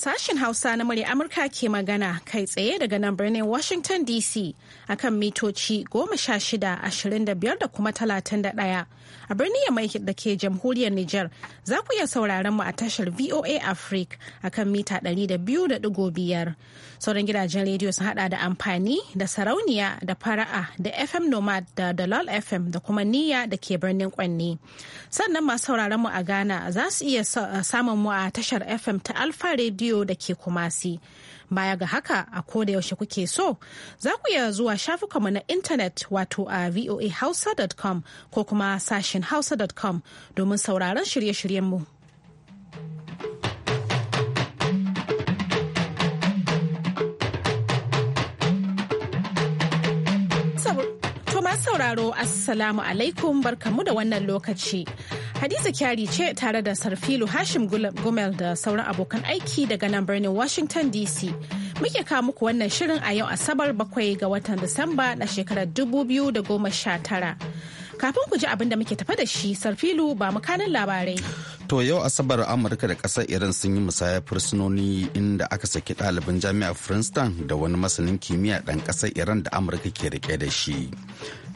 Sashen Hausa na murya Amurka ke magana kai tsaye daga nan birnin Washington DC akan mitoci goma sha shida ashirin da biyar da kuma talatin da ɗaya. A birnin Yamai da ke jamhuriyar Nijar za ku iya sauraron mu a tashar VOA Africa a kan mita 200.5. Sauran gidajen rediyo sun hada da amfani da sarauniya da fara'a da FM Nomad da Dalol FM da kuma Niyya da ke birnin kwanne Sannan masu sauraron mu a Ghana za su iya samun mu a tashar FM ta Alfa Radio da ke Kumasi. Baya ga haka a koda yaushe kuke so za ku iya zuwa shafukanmu na intanet wato a voahausa.com ko kuma sashen hausa.com domin sauraron shirye-shiryenmu. To masu sauraro, Assalamu alaikum barkamu da wannan lokaci. Hadiza Kyari ce tare da Sarfilu Hashim Gumel da sauran abokan aiki daga nan birnin Washington DC. Muke kawo muku wannan shirin a yau Asabar bakwai ga watan Disamba na shekarar 2019. Kafin ku ji abin da muke tafa da shi, Sarfilu ba mu kanin labarai. To yau Asabar Amurka da ƙasar Iran sun yi musayar fursunoni inda aka saki ɗalibin jami'ar Princeton da wani masanin kimiyya ɗan ƙasar Iran da Amurka ke rike da shi.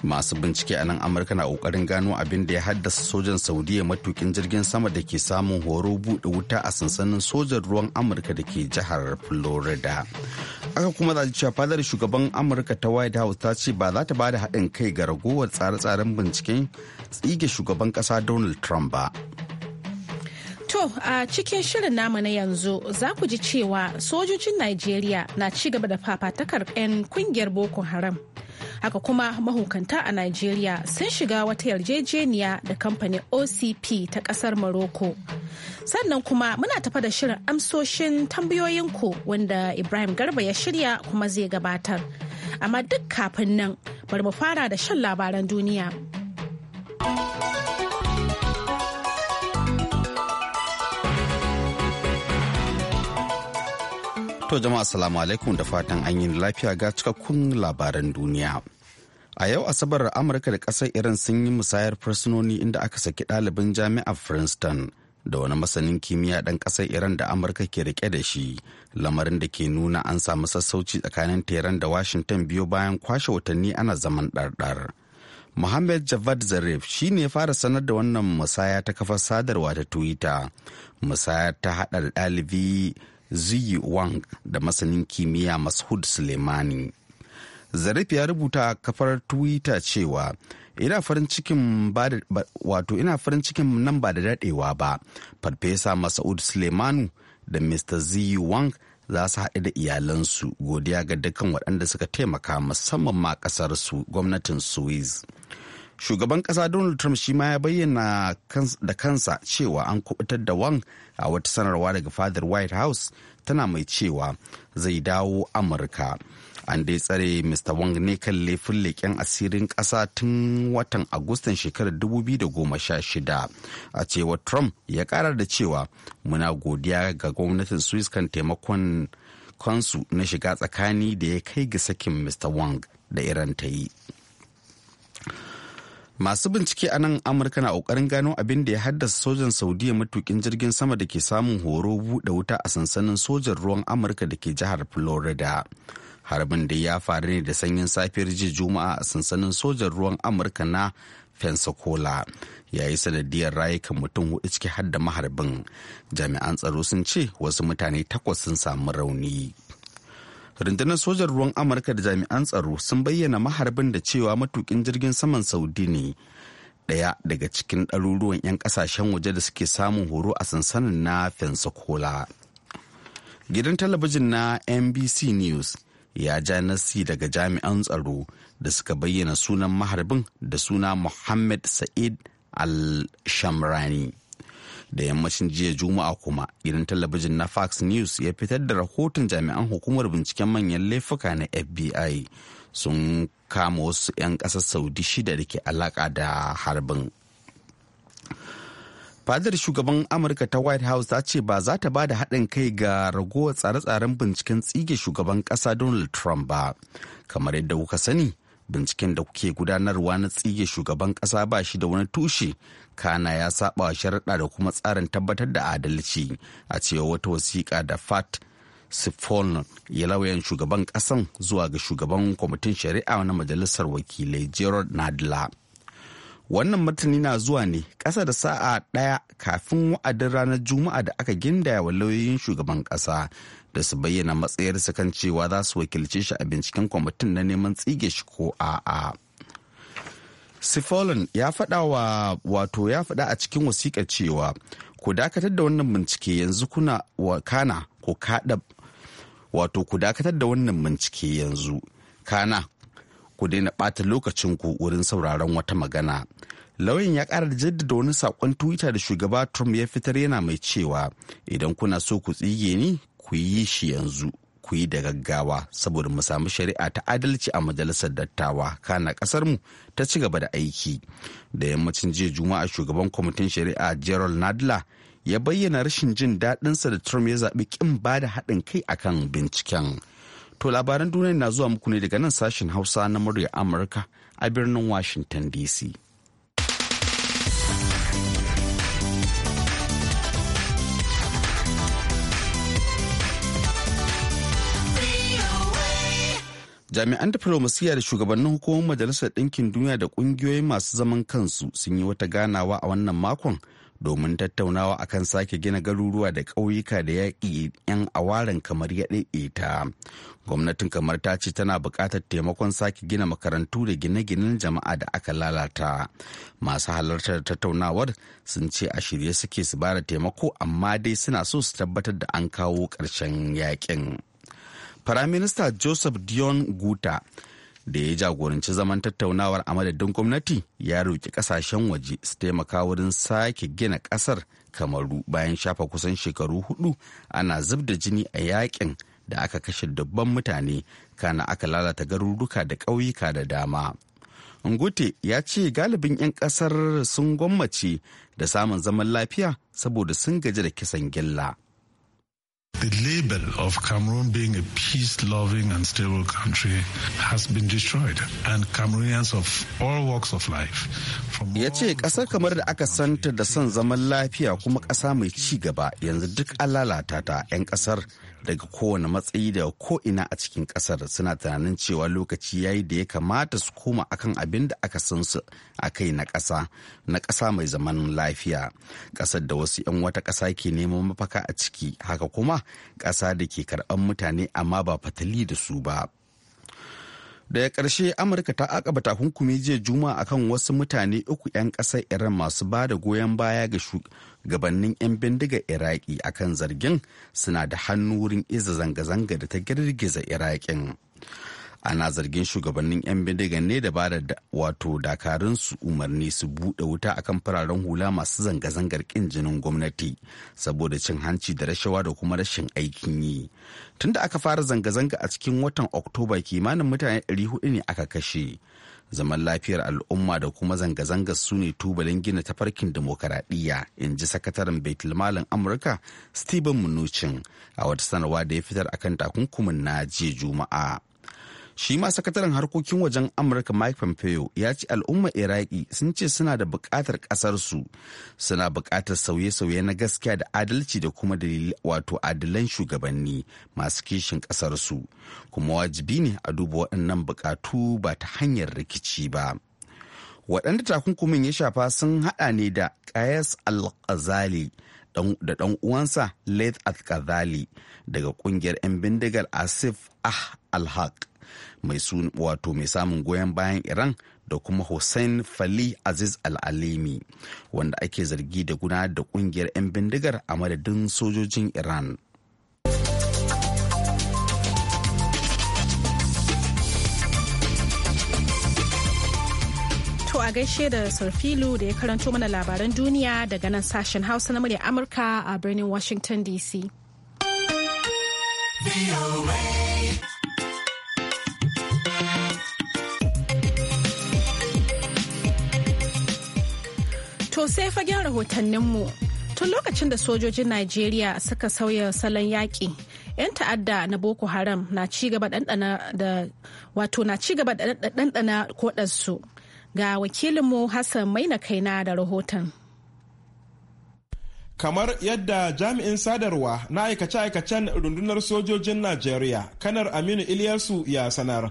Masu bincike a nan Amurka na ƙoƙarin gano abin da ya haddasa sojan Saudiya matukin jirgin sama da ke samun horo buɗe wuta a sansanin sojan ruwan Amurka da ke jihar Florida. Aka kuma zaci cewa fadar shugaban Amurka ta White House ta ce ba za ta ba da haɗin kai ga ragowar tsare-tsaren binciken tsige shugaban ƙasa Donald Trump ba. To a cikin shirin namu na yanzu za ku ji cewa sojojin Najeriya na ci gaba da fafatakar 'yan kungiyar Boko Haram. Haka kuma mahukanta a Najeriya sun shiga wata yarjejeniya da kamfanin OCP ta kasar Morocco. Sannan kuma muna tafa da shirin amsoshin tambayoyinku wanda Ibrahim Garba ya shirya kuma zai gabatar. Amma duk kafin nan bari mu fara da shan labaran duniya. To jama'a salamu alaikum da fatan an yi lafiya ga cikakkun labaran duniya. A yau Asabar Amurka da ƙasar Iran sun yi musayar fursunoni inda aka saki ɗalibin jami'ar Princeton da wani masanin kimiyya ɗan ƙasar Iran da Amurka ke rike da shi, lamarin da ke nuna an samu sassauci tsakanin Tehran da Washington biyo bayan kwashe watanni ana zaman ɗarɗar. Mohammed Javad Zarif shi ne fara sanar da wannan musaya ta kafar sadarwa ta Twitter. Musaya ta haɗa ɗalibi Ziyi Wang da masanin kimiyya Mashud Suleimani. Zarif ya rubuta a kafar Twitter cewa ina farin cikin wato ina farin cikin nan ba da dadewa ba. Farfesa mas'ud Suleimanu da Mr. Ziyi Wang za su haɗu da iyalansu godiya ga dukkan waɗanda suka taimaka musamman ma su gwamnatin swiss. shugaban kasa donald trump shi ma ya bayyana da kansa cewa an kubutar da wang a wata sanarwa daga fadar white house tana mai cewa zai dawo amurka an dai tsare mr wang ne kan laifin leƙen asirin ƙasa tun watan agustan shekarar 2016 a cewar trump ya ƙara da cewa muna godiya ga gwamnatin swiss kan taimakon kansu na shiga tsakani da ya kai ga sakin mr wang da iran ta yi masu bincike a nan amurka na kokarin gano abin da ya haddasa sojan saudiya matukin jirgin sama da ke samun horo buɗe wuta a sansanin sojan ruwan amurka da ke jihar florida harbin da ya faru ne da sanyin safiyar jiya juma'a a sansanin sojan ruwan amurka na pensacola ya yi sanadiyar rayukan mutum hudu ciki har da maharbin jami'an tsaro sun ce wasu mutane takwas sun samu rauni rundunar sojan ruwan amurka da jami'an tsaro sun bayyana maharbin da cewa matukin jirgin saman saudi ne ɗaya daga cikin ɗaruruwan 'yan ƙasashen waje da suke samun horo a sansanin na pensacola gidan talabijin na nbc news ya ja nasi daga jami'an tsaro da suka bayyana sunan maharbin da suna muhammad sa'id al-shamrani da yammacin jiya juma'a kuma gidan talabijin na fox news ya fitar da rahoton jami'an hukumar binciken manyan laifuka na fbi sun kama wasu 'yan ƙasar saudi shida da ke alaka da harbin fadar shugaban amurka ta white house ta ce ba za ta ba da haɗin kai ga ragowar tsare-tsaren binciken tsige shugaban ƙasa donald trump ba kamar yadda kuka sani binciken da kuke gudanarwa na tsige shugaban kasa ba shi da wani tushe kana ya saba wa sharaɗa da kuma tsarin tabbatar da adalci a cewa wata wasiƙa da fat sifon ya lauyan shugaban ƙasan zuwa ga shugaban kwamitin shari'a na majalisar wakilai gerard nadla wannan martani na zuwa ne ƙasa da sa'a ɗaya kafin wa'adin ranar juma'a da aka gindaya wa lauyoyin shugaban ƙasa da su bayyana matsayar matsayarsa kan cewa za su wakilce shi a binciken kwamitin na neman tsige shi ko a'a. Sifolin ya faɗa wa wato ya faɗa a cikin wasiƙar cewa ku dakatar da wannan bincike yanzu kuna wa kana ko kaɗa wato ku dakatar da wannan bincike yanzu kana ku daina ɓata lokacinku wurin sauraron wata magana. Lauyin ya ƙara da jaddada wani sakon twitter da shugaba trump ya fitar yana mai cewa idan kuna so ku tsige ni ku yi shi yanzu ku yi da gaggawa saboda mu samu shari'a ta adalci a majalisar dattawa kana kasarmu ta ci gaba da aiki da yammacin jiya juma'a shugaban kwamitin shari'a gerald nadler ya bayyana rashin jin daɗinsa da trump ya zaɓi ƙin ba da haɗin kai akan binciken to labaran duniya na zuwa muku ne daga nan sashen hausa na murya amurka a birnin washington dc jami'an diflomasiyya da shugabannin hukumar majalisar ɗinkin duniya da ƙungiyoyin masu zaman kansu sun yi wata ganawa a wannan makon domin tattaunawa akan sake gina garuruwa da ƙauyuka da yaƙi 'yan awaren kamar ya ɗaiɗaita gwamnatin kamar ta ce tana buƙatar taimakon sake gina makarantu da gine-ginen jama'a da aka lalata masu halartar tattaunawar sun ce a shirye suke su bada taimako amma dai suna so su tabbatar da an kawo ƙarshen yaƙin. Firaminista Joseph Dion Guta da ya jagoranci zaman tattaunawar a madadin gwamnati ya roƙi ƙasashen waje su taimaka wurin sake gina ƙasar kamaru bayan shafa kusan shekaru hudu ana zub da jini a yakin da aka kashe dubban mutane kana aka lalata garuruka da ƙauyuka da dama. Ngute ya ce galibin 'yan ƙasar sun gwammace da samun zaman lafiya saboda sun gaji da kisan gilla. The label of Cameroon being a peace loving and stable country has been destroyed, and Cameroonians of all walks of life. Ya ce ƙasar kamar da aka santa da son zaman lafiya kuma ƙasa mai ci gaba yanzu duk an lalata ta 'yan ƙasar daga kowane matsayi daga ko'ina a cikin ƙasar suna tunanin cewa lokaci yayi da ya kamata su koma akan abin da aka san su akai na ƙasa na ƙasa mai zaman lafiya ƙasar da wasu 'yan wata ƙasa ke neman mafaka a ciki haka kuma kasa ƙasa da ke karɓar mutane amma ba fatali da su ba. daga ƙarshe amurka ta akaba takunkumi jiya juma akan wasu mutane uku 'yan ƙasar iran masu ba da goyon baya ga shugabannin 'yan bindiga iraki akan zargin suna da hannu wurin iza zanga-zanga da ta girgiza iraƙin. ana zargin shugabannin 'yan bindiga ne da ba da wato dakarun su umarni su buɗe wuta akan fararen hula masu zanga-zangar ƙin jinin gwamnati saboda cin hanci da rashawa da kuma rashin aikin yi tunda aka fara zanga-zanga a cikin watan oktoba kimanin mutane 400 ne aka kashe zaman lafiyar al'umma da kuma zanga-zangar su ne tubalin gina tafarkin demokaradiyya in ji sakataren baitulmalin amurka steven mnuchin a wata sanarwa da ya fitar akan takunkumin na jiya juma'a shi ma sakataren harkokin wajen amurka mike pompeo ya ce al'umma iraki sun ce suna da buƙatar ƙasarsu suna buƙatar sauye-sauye na gaskiya da adalci da kuma dalili wato adalan shugabanni masu kishin ƙasarsu kuma wajibi ne a duba waɗannan buƙatu ba ta hanyar rikici ba waɗanda takunkumin ya shafa sun haɗa ne da Kayas al da ɗan uwansa Laith al daga ƙungiyar 'yan bindigar Asif Ah al-Haq mai wato mai samun goyon bayan iran da kuma hussein fali aziz al'alimi wanda ake zargi da guna da kungiyar 'yan bindigar a madadin sojojin iran to a gaishe da sarfilu da ya karanto mana labaran duniya daga nan sashen hausa na murya amurka a birnin washington dc To sai fagen rahotanninmu. Tun lokacin da sojojin Najeriya suka sauya salon yaƙi, 'yan ta'adda na Boko Haram na ci gaba da wato na ci gaba da ɗanɗana koɗarsu. Ga wakilinmu Hassan Maina Kaina da rahoton. kamar yadda jami'in sadarwa na aikace-aikacen rundunar sojojin najeriya kanar aminu ilyasu ya sanar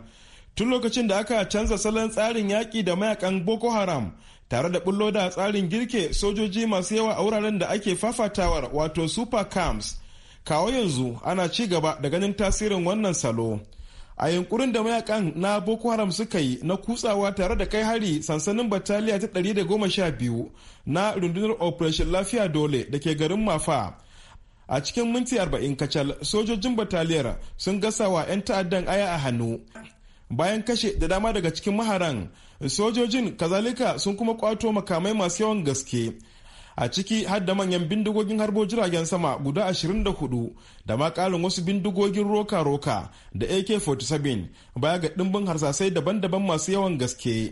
tun lokacin da aka canza salon tsarin yaƙi da mayakan boko haram tare da bullo da tsarin girke sojoji masu yawa a wuraren da ake fafatawar wato super camps kawo yanzu ana ci gaba da ganin tasirin wannan salo a yunkurin da mayakan na boko haram suka yi na kutsawa tare da kai hari sansanin bataliya ta 112 na rundunar operation lafiya dole da ke garin mafa a cikin minti 40 kacal sojojin bataliyar sun gasa wa 'yan ta'addan aya a hannu bayan kashe da dama daga cikin maharan sojojin kazalika sun kuma kwato makamai masu yawan gaske a ciki har manyan bindigogin harbo jiragen sama guda 24 da ma ƙarin wasu bindigogin roka-roka da ak-47 baya ga ɗimbin harsasai daban-daban masu yawan gaske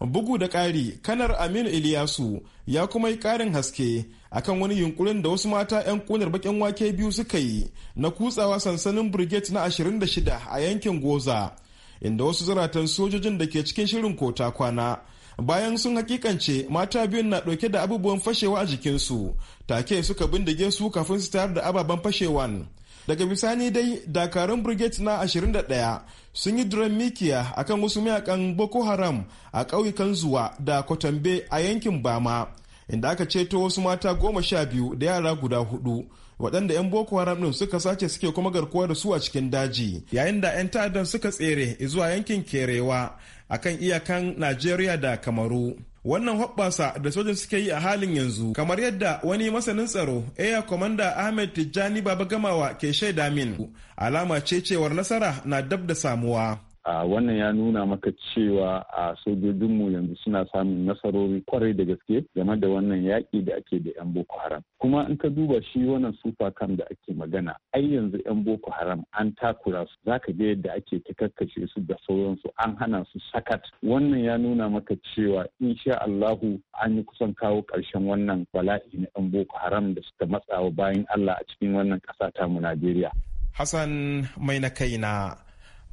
bugu da ƙari kanar aminu iliyasu ya kuma yi ƙarin haske akan wani yunkurin da wasu mata 'yan kunar bakin wake biyu suka yi na kutsawa sansanin brigade na 26 a yankin goza inda wasu zaratan sojojin da ke cikin shirin kota kwana bayan sun hakikance mata biyun na dauke da abubuwan fashewa a jikinsu take suka bindige su kafin su tayar da ababen fashewan daga bisani dai dakarun brigade na 21 sun yi duran mikiya akan wasu mayakan boko haram a ƙauyukan zuwa da kwatambe a yankin bama inda aka ceto wasu mata goma sha biyu da yara guda hudu waɗanda 'yan boko haram ɗin suka sace suke kuma garkuwa da su a cikin daji yayin da 'yan ta'addan suka tsere zuwa yankin kerewa akan iyakan najeriya da kamaru wannan hoɓɓasa da sojin suke yi a halin yanzu kamar yadda wani masanin tsaro air commander ahmed tijjani baba gamawa ke shaida min alama ce cewar nasara na dab da samuwa wannan ya nuna maka cewa a sojojinmu yanzu suna samun nasarori kwarai da gaske game da wannan yaƙi da ake da 'yan boko haram kuma in ka duba shi wannan super kam da ake magana ai yanzu 'yan boko haram an takura su Za ka ga yadda ake kakkashe su da sauransu an hana su sakat wannan ya nuna maka cewa insha Allahu an yi kusan kawo ƙarshen wannan bala'i na 'yan boko haram da suka matsawa bayan Allah a cikin wannan ƙasa ta mu Najeriya. Hassan mai na kaina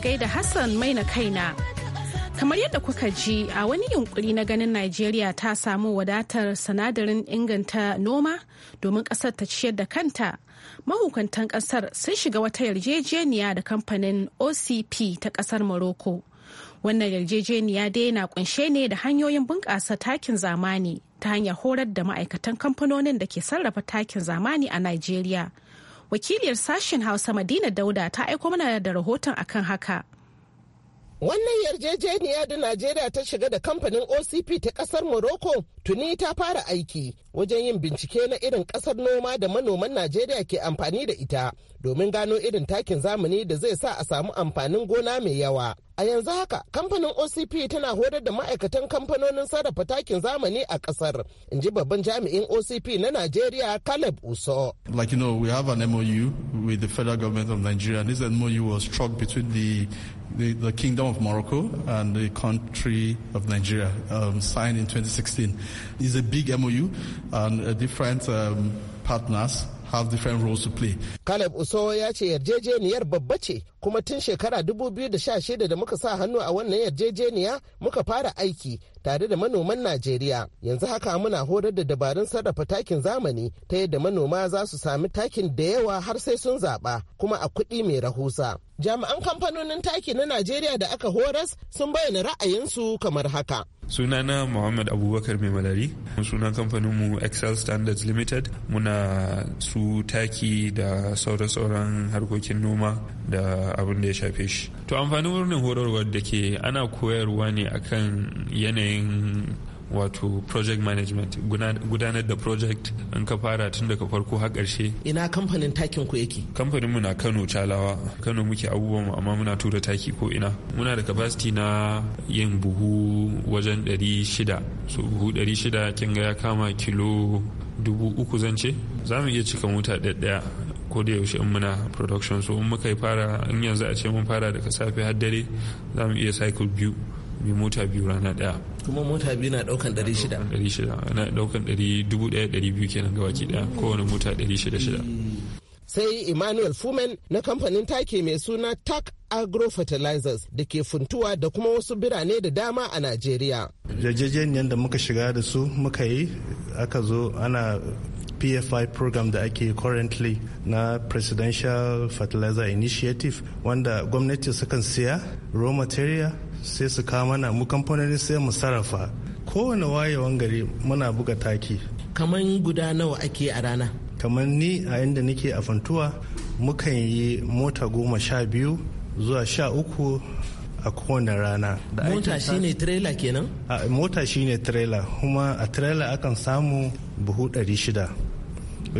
gaida Hassan mai na kaina. Kamar yadda kuka ji a wani yunkuri na ganin Najeriya ta samu wadatar sanadarin inganta noma domin ƙasar ta ciyar da kanta. Mahukuntan ƙasar sun shiga wata yarjejeniya da kamfanin OCP ta ƙasar Morocco. Wannan yarjejeniya dai na kunshe ne da hanyoyin bunƙasa takin zamani ta hanyar horar da ma'aikatan kamfanonin da ke sarrafa takin zamani a Najeriya. wakiliyar sashen hausa madina dauda ta aiko mana da rahoton akan haka Wannan yarjejeniya da Najeriya ta shiga da kamfanin OCP ta kasar Morocco tuni ta fara aiki wajen yin bincike na irin kasar noma da manoman Najeriya ke amfani da ita domin gano irin takin zamani da zai sa a samu amfanin gona mai yawa. A yanzu haka kamfanin OCP tana horar da ma'aikatan kamfanonin sarrafa takin zamani a kasar, in ji babban jami'in OCP na Najeriya Caleb Uso. Like you know, we have an MOU with the federal government of Nigeria. This MOU was struck between the the, the Kingdom of Morocco and the country of Nigeria um, signed in 2016. It's a big MOU and uh, different um, partners have different roles to play. Caleb ya ce yarjejeniyar babba ce kuma tun shekara 2016 da muka sa hannu a wannan yarjejeniya muka fara aiki tare da manoman Najeriya. Yanzu haka muna horar da dabarun sarrafa takin zamani ta yadda manoma za su sami takin da yawa har sai sun zaɓa kuma a kuɗi mai rahusa. Jami'an kamfanonin taki na Najeriya da aka horas sun bayyana ra'ayinsu kamar haka. sunana muhammad abubakar mai malari kamfanin mu excel standards limited muna su taki da sauran-sauran harkokin noma da abin da ya shafe shi to amfanin wurin horarwar da ke ana koyarwa ne akan yanayin wato project management gudanar da project in ka fara tun daga farko har karshe. ina kamfanin takin ku yake kamfanin mu na kano calawa kano muke abubuwan mu amma muna tura taki ko ina muna da capacity na yin buhu wajen 600 so buhu 600 kin ga ya kama kilo dubu uku zan ce za mu iya cika mota ɗaya ko da yaushe in muna production so in muka fara in yanzu a ce mun fara daga safe har dare za mu iya cycle biyu mai mota biyu rana daya kuma mota biyu na daukan dari 600 na daukan 1200 kenan ga baki daya kowane mota 600 sai emmanuel fumen na kamfanin take mai suna tak agro fertilizers da ke funtuwa da kuma wasu birane da dama a najeriya yarjejeniyar da muka shiga da su muka yi aka zo ana pfi program da ake currently na presidential fertilizer initiative wanda gwamnati sukan siya raw material sai su kawo mana mu kamfanoni sai mu sarrafa kowane wayewan gari muna buga taki kaman guda nawa ake a rana kamar ni a inda nake a fantuwa mukan yi mota goma sha biyu zuwa sha uku a kowane rana Mota mota shine trela kenan Mota mota shine trela kuma a trela akan samu buhu shida.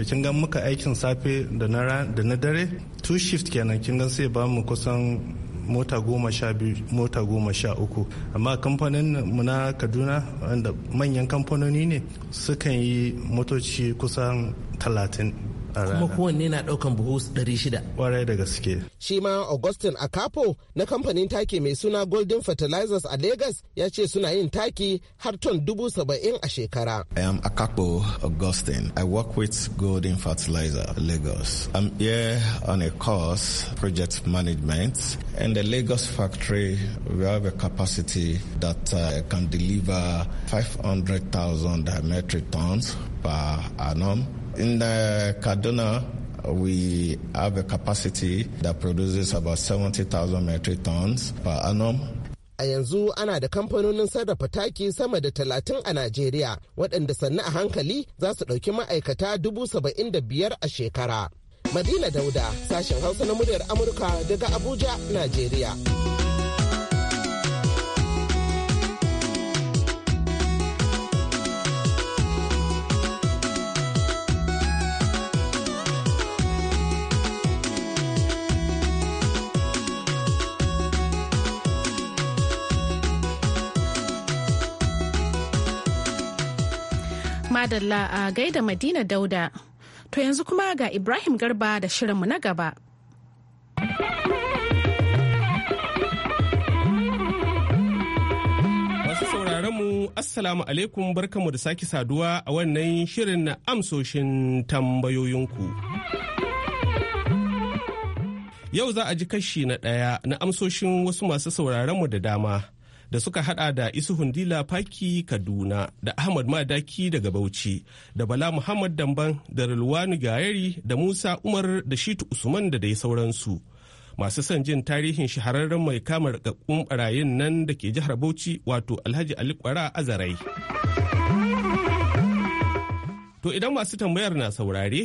kin ga muka aikin safe da na dare two shift kenan kin ga sai ba mu kusan mota goma sha biyu mota goma sha uku amma kamfanin mu na kaduna wanda manyan kamfanoni ne sukan yi motoci kusan talatin kuma kowanne na daukan buhu 600 kwarai da gaske shi ma augustin akapo na kamfanin taki mai suna golden fertilizers a lagos ya ce suna yin taki har ton dubu saba'in a shekara i am akapo augustin i work with golden fertilizer lagos i'm here on a course project management In the lagos factory we have a capacity that uh, can deliver 500,000 metric tons per annum In the Kaduna, we have a capacity that produces about 70,000 metric tons per annum. A yanzu ana da kamfanonin sarrafa taki sama da talatin a Najeriya waɗanda sannu a hankali za su ɗauki ma'aikata dubu saba'in da biyar a shekara. Madina Dauda, sashen Hausa na muryar Amurka daga Abuja, Najeriya. madalla a gaida Madina Dauda. To yanzu kuma ga Ibrahim Garba da shirinmu na gaba. Masu sauraronmu Assalamu alaikum barkamu da sake saduwa a wannan shirin na amsoshin tambayoyinku. Yau za a ji kashi na ɗaya na amsoshin wasu masu sauraronmu da dama. da suka hada da isuhun dila faki kaduna da ahmad madaki daga bauchi da bala muhammad damban da rilwanu gayari da musa umar da shitu usman da dai sauransu masu son jin tarihin shahararren mai kamar gakkun barayin nan da ke jihar bauchi wato alhaji ali kwara azarai to idan masu tambayar na saurare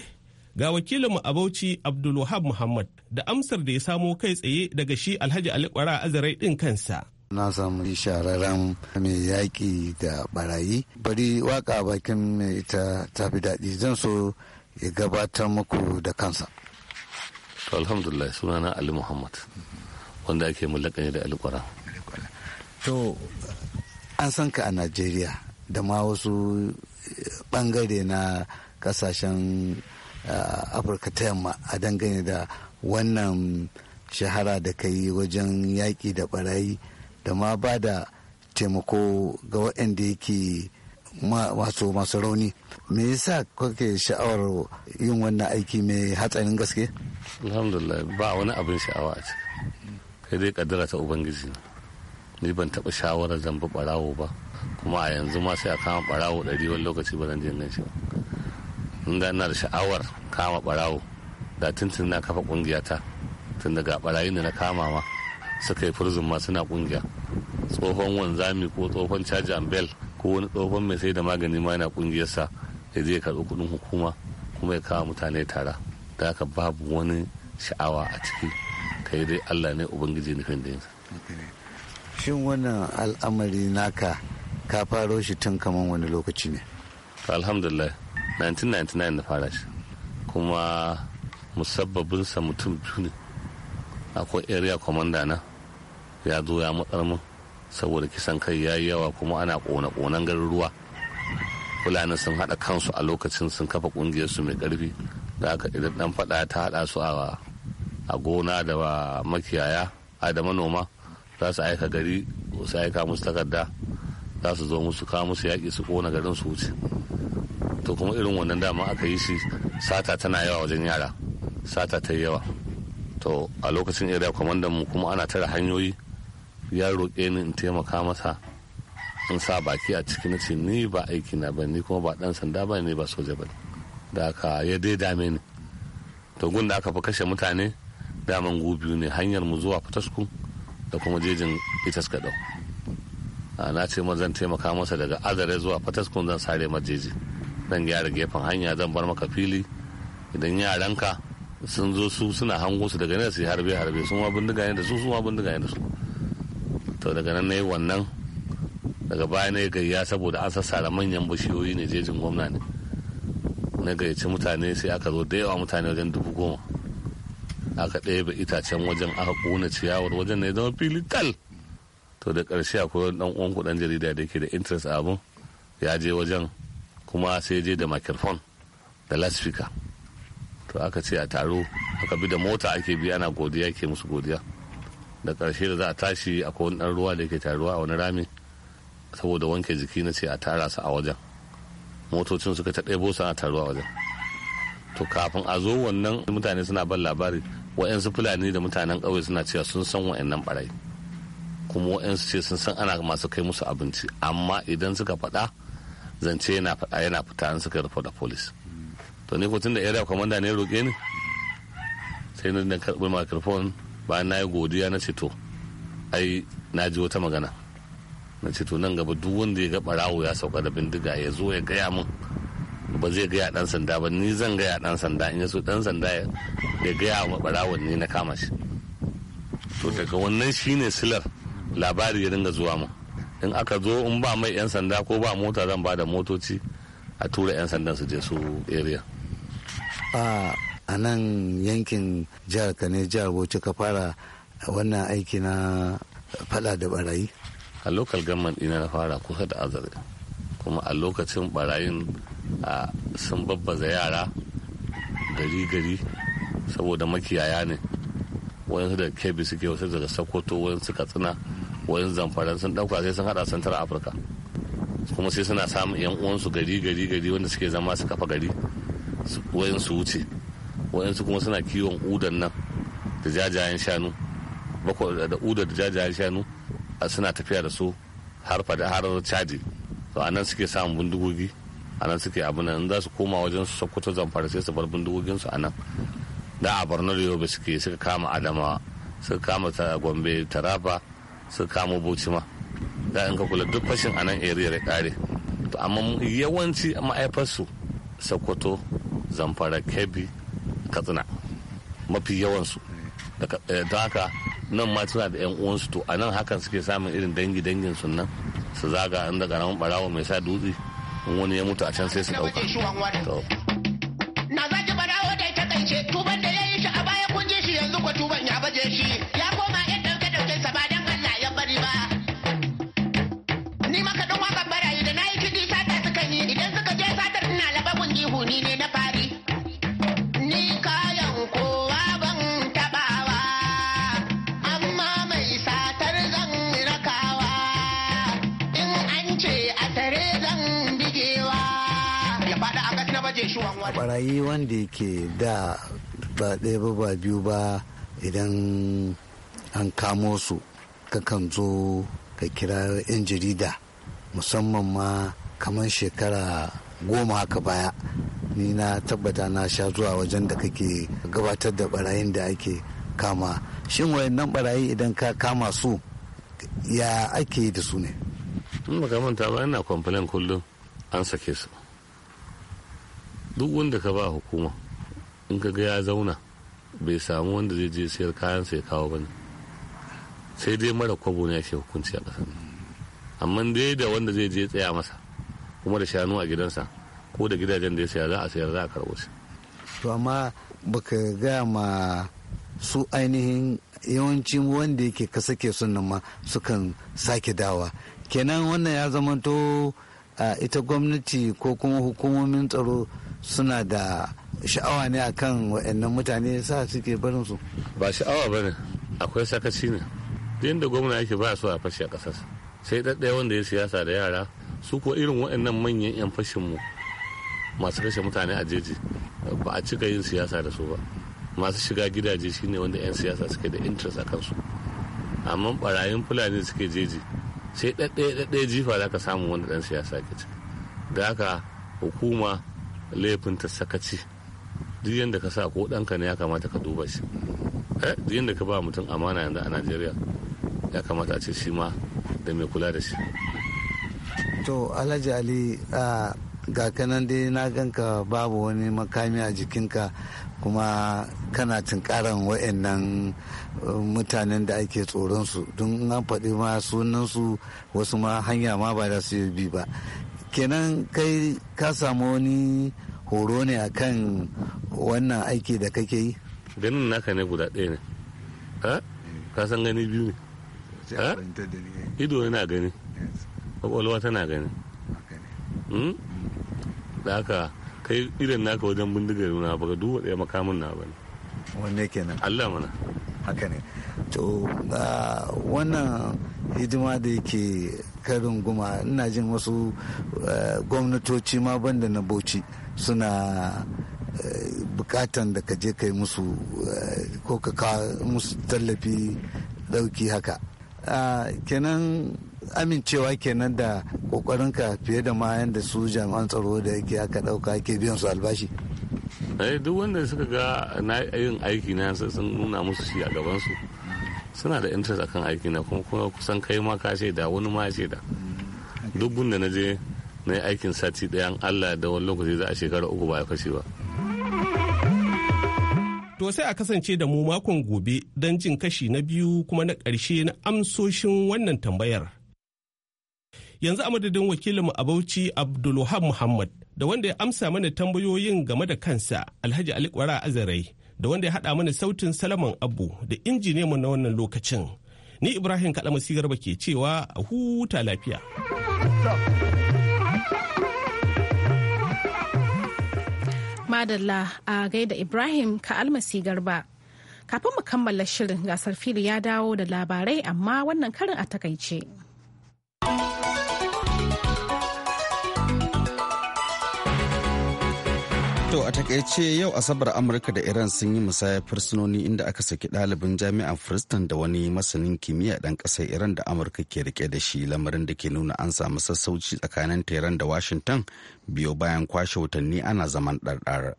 ga wakilinmu a Bauchi Abdulwahab Muhammad da amsar da ya samo kai tsaye daga shi Alhaji Ali Kwara Azarai din kansa. na samu shahararren mai yaƙi da barayi bari waka bakin mai ita tafi daɗi zan so ya gabatar muku da kansa to alhamdulillah sunana ali muhammad wanda ake mulakani da alƙura to an san ka a najeriya da ma wasu ɓangare na ƙasashen eh, afirka ta yamma a dangane da wannan shahara da ka yi wajen yaƙi da barayi da ma ba da taimako ga waɗanda yake masu masu rauni me yasa kake sha'awar yin wannan aiki mai hatsarin gaske alhamdulillah ba wani abin sha'awa a ciki kai dai kaddara ta ubangiji ni ban taɓa shawarar zan barawo ba kuma a yanzu ma sai a kama barawo ɗari wani lokaci ba zan je nan shi in da na da sha'awar kama barawo da tuntun na kafa ƙungiyata tun daga barayin da na kama ma suka yi furzin ma suna kungiya tsohon wanzami ko tsohon caji an bel ko wani tsohon mai sai da magani ma yana kungiyarsa ya zai karɓi kuɗin hukuma kuma ya kawo mutane tara da aka babu wani sha'awa a ciki kai dai allah ne ubangiji kan da shin wannan al'amari naka ka faro shi tun kaman wani lokaci ne alhamdulillah 1999 na fara shi kuma musabbabinsa mutum biyu ne akwai area commander na ya zo ya matsar mun saboda kisan kai ya yi yawa kuma ana kona konan ruwa fulani sun hada kansu a lokacin sun kafa ƙungiyarsu su mai karfi da aka idan dan faɗa ta hada su a gona da makiyaya a da manoma za su aika gari su aika musu takarda za su zo musu kawo musu yaƙi su kona garin su wuce to kuma irin wannan dama aka yi shi sata tana yawa wajen yara sata ta yawa to a lokacin area kwamandan mu kuma ana tara hanyoyi ya roƙe ni in taimaka masa in sa baki a cikin na ce ni ba aiki na ba ni kuma ba dan sanda ba ne ba soja ba da aka ya dai dame ni to gun da aka fi kashe mutane daman biyu ne hanyar mu zuwa fatasku da kuma jejin itas kaɗau na ce ma zan taimaka masa daga azare zuwa fataskun zan sare jeji zan gyara gefen hanya zan bar maka fili idan yaranka sun zo su suna hango su daga nan su harbe harbe sun ma bindiga ne da su su ma bindiga ne da su to daga nan nayi wannan daga baya na gayya saboda an da manyan bishiyoyi ne jejin gwamna ne na gayyaci mutane sai aka zo da yawa mutane wajen dubu goma aka ɗebe itacen wajen aka ƙona ciyawar wajen ne zama fili tal to da ƙarshe akwai wani ɗan uwan ɗan jarida da ke da interest abun ya je wajen kuma sai je da microphone da lasfika to aka ce a taro aka bi da mota ake biya ana godiya ke musu godiya da ƙarshe da za a tashi akwai wani ɗan ruwa da ke taruwa a wani rami saboda wanke jiki na ce a tara su a wajen motocin suka ta ɗebo su a taruwa wajen to kafin a zo wannan mutane suna ban labari wa'yansu fulani da mutanen ƙauye suna cewa sun san wa'yannan ɓarai kuma wa'yansu ce sun san ana masu kai musu abinci amma idan suka faɗa zance yana faɗa yana fita an suka rufe da polis to ni ko tunda area commander ne roƙe ni sai na dan karɓi microphone bayan na yi godiya na ce to ai na ji wata magana na ce nan gaba duk wanda ya ga barawo ya sauka da bindiga ya zo ya gaya min ba zai gaya dan sanda ba ni zan gaya dan sanda in ya so dan sanda ya gaya wa barawon ne na kama shi to daga wannan shine silar labari ya dinga zuwa mu in aka zo in ba mai yan sanda ko ba mota zan ba da motoci a tura yan sandan su je su area kafa a nan yankin jihar ka ne jihar bauchi ka fara wannan aiki na fada da barayi a lokal gamman na fara kusa da azare kuma a lokacin barayin sun babbaza yara gari-gari saboda makiyaya ne wani da kebbi suke wasu daga sokoto su katsina wani zamfara sun dauka sai sun hada santar afirka kuma sai suna samun yan uwansu gari gari gari wanda suke zama su kafa gari wayan su wuce wayansu kuma suna kiwon udan nan da jajayen shanu da udar da jajayen shanu suna tafiya da su har fada har caji to anan suke samun bindigogi anan suke abu nan za su koma wajen su sokoto zamfara sai su bar bindigogin su anan da a borno da yobe suke suka kama adamawa suka kama ta gombe taraba suka kama bauchi ma da in ka kula duk fashin anan area ya kare to amma yawanci ma'aifarsu sokoto zamfara kebbi katsina mafi yawansu eh, don haka nan ma suna da 'yan uwansu to a nan hakan suke samun irin dangi dangin su nan su zaga inda karamin barawa mai sa dutse in wani ya mutu a can sai su dauka na zaki barawa da ita kai ce tuban da ya yi shi a baya kun ji shi yanzu ko tuban ya ba? yi wanda yake da ba ɗaya ba ba biyu ba idan an kamo su kakan zo ka kira 'yan jarida musamman ma kamar shekara goma haka baya ni na tabbata na sha zuwa wajen da kake gabatar da barayin da ake kama shin wayannan barayi idan ka kama su ya ake yi da su ne in baka manta ba ina kwamfilin kullum an sake su duk wanda ka ba hukuma in ka ga ya zauna bai samu wanda zai je sayar kayan sai kawo ba ne sai dai mara kwabo ne ake hukunci a ƙasar amma dai da wanda zai je tsaya masa kuma da shanu a gidansa ko da gidajen da ya saya za a sayar za a karɓo shi to amma baka gaya ma su ainihin yawancin wanda yake ke son nan ma sukan sake dawa kenan wannan ya zamanto ita gwamnati ko kuma hukumomin tsaro suna da sha'awa ne akan waɗannan mutane sa suke barin su ba sha'awa ba ne akwai sakaci ne inda gwamna yake ba su a fashe a ƙasar sai ɗaɗɗaya wanda ya siyasa da yara su kuwa irin waɗannan manyan 'yan fashin mu masu kashe mutane a jeji ba a cika yin siyasa da su ba masu shiga gidaje shine wanda 'yan siyasa suke da interest a kansu amma barayin fulani suke jeji sai ɗaɗɗaya ɗaɗɗaya jifa za ka samu wanda ɗan siyasa ke ciki da haka hukuma laifin ta sakaci duk yadda ka sa ko ɗanka ne ya kamata ka duba shi eh, duk yadda ka ba mutum amana yanzu a najeriya ya kamata a ce shi ma da mai kula da shi to alhaji ali ga kanan dai na ganka babu wani makami a jikinka kuma kana tunkaran wa'annan uh, mutanen da ake tsoronsu don an faɗi ma sunansu wasu ma hanya ma ba da su bi ba kenan kai ka samu wani horo ne akan wannan aiki da kake yi ganin naka ne guda ɗaya ne ka san gani biyu ne ido yana gani kwakwalwa tana gani hmm? da haka kai idan naka wajen bindigar nuna baka duk wadda makamun na bane wanne kenan allah mana haka ne to ah, wannan hidima da yake karin runguma ina jin wasu eh, gwamnatoci ma banda na bauchi suna eh, bukatan da ka je kai musu eh, ko ka musu tallafi dauki haka ah, kenan amincewa kenan da kokarinka fiye da ma yadda su jami'an tsaro da yake aka dauka ake biyan su albashi duk wanda suka ga na yin aiki na sun nuna musu shi a gabansu suna da interest akan aiki na kuma kusan kai ma ka da wani ma da duk gunda na je na yi aikin sati ɗayan allah da wani lokaci za a shekara uku ba ya fashe ba to sai a kasance da mu makon gobe don jin kashi na biyu kuma na ƙarshe na amsoshin wannan tambayar yanzu a madadin wakilinmu a bauchi abdulwahab muhammad da wanda ya amsa mana tambayoyin game da kansa alhaji ali kwara azarai da wanda ya haɗa mana sautin salaman abu da mu na wannan lokacin ni ibrahim kaɗa garba ke cewa a huta lafiya madalla a gaida ibrahim ka almasi garba kafin mu kammala shirin gasar fili ya dawo da labarai amma wannan karin a takaice. To a takaice yau Asabar Amurka da Iran sun yi musayar fursunoni inda aka saki ɗalibin jami'an Princeton da wani masanin kimiyya ɗan ƙasar Iran da Amurka ke rike da shi lamarin da ke nuna an samu sassauci tsakanin Tehran da Washington biyo bayan kwashe watanni ana zaman ɗarɗar.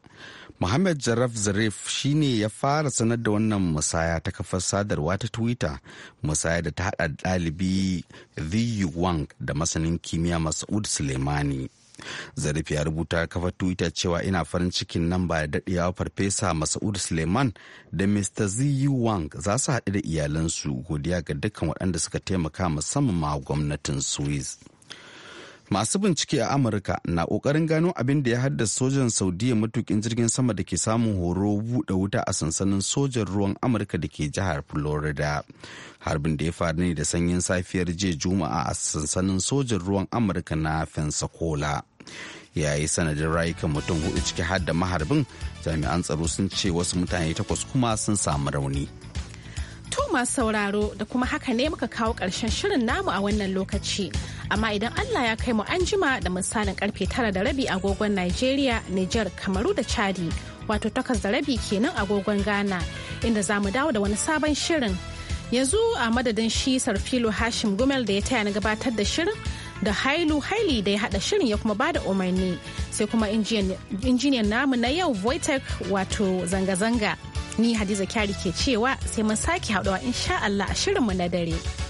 Muhammad Jaraf Zarif shi ne ya fara sanar da wannan musaya ta kafar sadarwa ta Twitter musaya da ta haɗa ɗalibi Ziyu Wang da masanin kimiyya Masoud Suleimani. zarif ya rubuta kafa twitter cewa ina farin cikin nan ba da daɗewa farfesa masaud suleiman da mr ziyu wang za su haɗu da iyalansu godiya ga dukkan waɗanda suka taimaka musamman ma gwamnatin swiss masu bincike a amurka na kokarin gano abin da ya haddasa sojan saudiya matukin jirgin sama da ke samun horo buɗe wuta a sansanin sojan ruwan amurka da ke jihar florida harbin da ya faru ne da sanyin safiyar jiya juma'a a sansanin sojan ruwan amurka na pensacola ya yi sanadin rayukan mutum hudu ciki har da maharbin jami'an tsaro sun ce wasu mutane takwas kuma sun samu rauni. To masu sauraro da kuma haka ne muka kawo ƙarshen shirin namu a wannan lokaci. Amma idan Allah ya kai mu an jima da misalin karfe tara da rabi agogon nigeria niger Kamaru da Chadi, wato takwas da rabi kenan agogon Ghana, inda za mu dawo da wani sabon shirin. Yanzu a madadin shi Sarfilo Hashim Gumel da ya taya na gabatar da shirin da hailu haili da ya hada shirin ya kuma ba da umarni sai kuma injiniyan namu na yau voitech wato zanga-zanga ni hadiza kyari ke cewa sai mun sake haɗuwa insha Allah a shirinmu na dare.